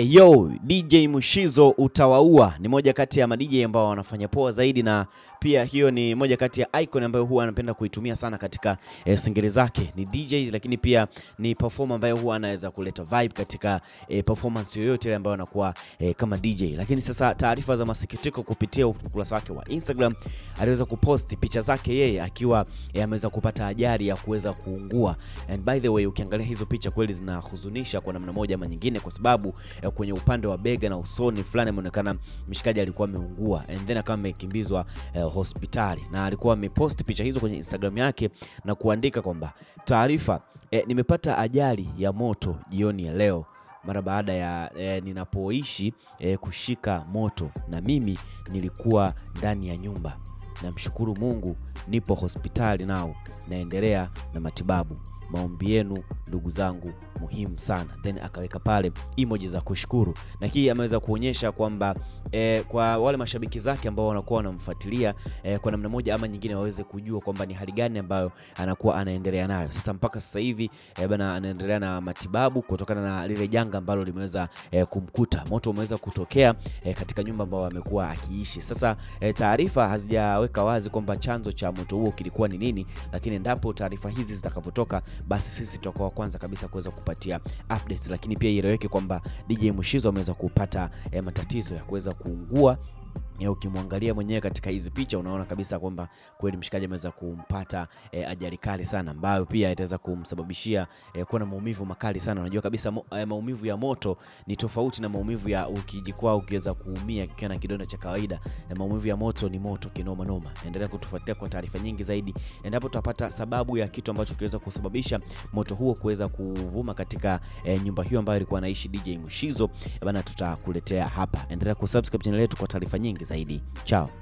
Eyo, DJ Mushizo utawaua ni moja kati ya ma DJ ambao wanafanya poa zaidi, na pia hiyo ni moja kati ya icon ambayo huwa anapenda kuitumia sana katika eh, singeli zake. Ni DJ lakini pia ni performer ambayo huwa anaweza kuleta vibe katika eh, performance yoyote ile ambayo anakuwa eh, kama DJ. Lakini sasa taarifa za masikitiko kupitia ukurasa wake wa Instagram, aliweza kuposti picha zake yeye akiwa eh, ameweza kupata ajali ya kuweza kuungua. And by the way, ukiangalia hizo picha kweli zinahuzunisha kwa namna moja ama nyingine kwa sababu eh, kwenye upande wa bega na usoni fulani, imeonekana mshikaji alikuwa ameungua and then akawa amekimbizwa eh, hospitali, na alikuwa amepost picha hizo kwenye Instagram yake na kuandika kwamba taarifa, eh, nimepata ajali ya moto jioni ya leo mara baada ya eh, ninapoishi eh, kushika moto, na mimi nilikuwa ndani ya nyumba. Namshukuru Mungu nipo hospitali nao naendelea na matibabu. Maombi yenu ndugu zangu muhimu sana, then akaweka pale emoji za kushukuru, na hii ameweza kuonyesha kwamba e, kwa wale mashabiki zake ambao wanakuwa wanamfuatilia e, kwa namna moja ama nyingine waweze kujua kwamba ni hali gani ambayo anakuwa anaendelea nayo sasa. Mpaka sasa hivi e, bana anaendelea na matibabu kutokana na lile janga ambalo limeweza e, kumkuta. Moto umeweza kutokea e, katika nyumba ambayo amekuwa akiishi. Sasa e, taarifa hazijaweka wazi kwamba chanzo cha moto huo kilikuwa ni nini, lakini endapo taarifa hizi zitakavyotoka, basi sisi tutakuwa kwanza kabisa kuweza kukupatia updates, lakini pia ieleweke kwamba DJ Mushizo ameweza kupata eh, matatizo ya kuweza kuungua ya ukimwangalia mwenyewe katika hizi picha unaona kabisa kwamba kweli mshikaji ameweza kumpata e, ajali kali sana ambayo pia itaweza kumsababishia e, kuwa na maumivu makali sana. Unajua kabisa mo, e, maumivu ya moto ni tofauti na maumivu ya ukijikwaa ukiweza kuumia kikiwa na kidonda cha kawaida, na maumivu ya moto ni moto kinoma noma. Endelea kutufuatilia kwa taarifa nyingi zaidi, endapo tutapata sababu ya kitu ambacho kiweza kusababisha moto huo kuweza kuvuma katika e, nyumba hiyo ambayo ilikuwa anaishi DJ Mushizo bana, tutakuletea hapa. Endelea kusubscribe channel yetu kwa taarifa nyingi zaidi. Chao.